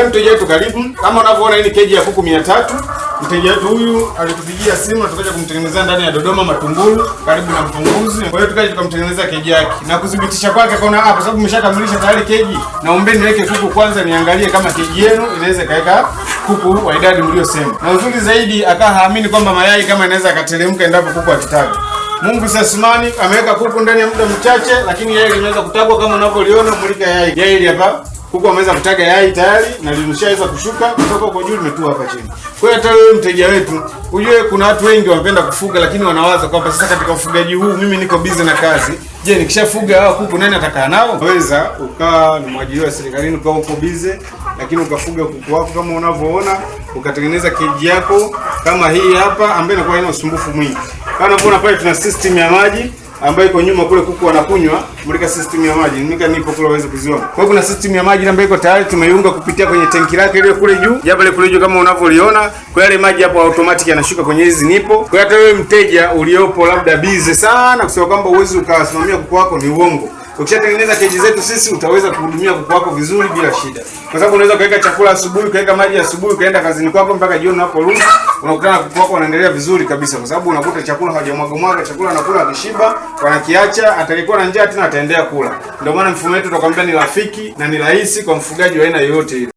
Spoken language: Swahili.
Mteja wetu karibu, kama unavyoona hii ni keji ya kuku 300. Mteja wetu huyu alitupigia simu tukaja kumtengenezea ndani ya Dodoma matungulu karibu na Mtunguzi. Kwa hiyo tukaja tukamtengenezea keji yake na kudhibitisha kwake kwa ah, kwa sababu umeshakamilisha tayari keji, naombeni niweke kuku kwanza, niangalie kama keji yenu inaweza kaeka kuku wa idadi mliosema, na uzuri zaidi akawa haamini kwamba mayai kama inaweza akateremka endapo kuku akitaga Mungu sasimani ameweka kuku ndani ya muda mchache, lakini yai limeweza kutagwa kama unavyoliona, mulika yai yai hapa huko ameweza kutaga yai tayari na lilishaweza kushuka kutoka huko juu limetua hapa chini. Kwa hiyo hata wewe mteja wetu, ujue kuna watu wengi wanapenda kufuga lakini wanawaza kwamba sasa katika ufugaji huu mimi niko busy na kazi. Je, nikishafuga hawa kuku nani atakaa nao? Unaweza ukawa ni mwajiriwa serikalini kwa uko busy lakini ukafuga kuku wako kama unavyoona, ukatengeneza keji yako kama hii hapa ambayo inakuwa haina usumbufu mwingi. Kama unavyoona pale tuna system ya maji ambayo iko nyuma kule, kuku wanakunywa mulika system ya maji mika, nipo kule waweze kuziona. Kwa hiyo kuna system ya maji ambayo iko tayari, tumeiunga kupitia kwenye tenki lake ile kule juu, jaba ile kule juu kama unavyoliona. Kwa yale maji hapo automatic yanashuka kwenye hizi nipo. Kwa hata wewe mteja uliopo labda busy sana kusema kwamba uwezi ukasimamia kuku wako, ni uongo. Ukishatengeneza keji zetu sisi utaweza kuhudumia kuku wako vizuri bila shida, kwa sababu unaweza ukaweka chakula asubuhi, ukaweka maji asubuhi, ukaenda kazini kwako mpaka jioni unaporudi unakutana kuku wako wanaendelea vizuri kabisa, kwa sababu unakuta chakula hawajamwaga mwaga chakula, anakula akishiba, wanakiacha, atakayekuwa na njaa tena ataendelea kula. Ndio maana mfumo wetu tutakwambia ni rafiki na ni rahisi kwa mfugaji wa aina yoyote ile.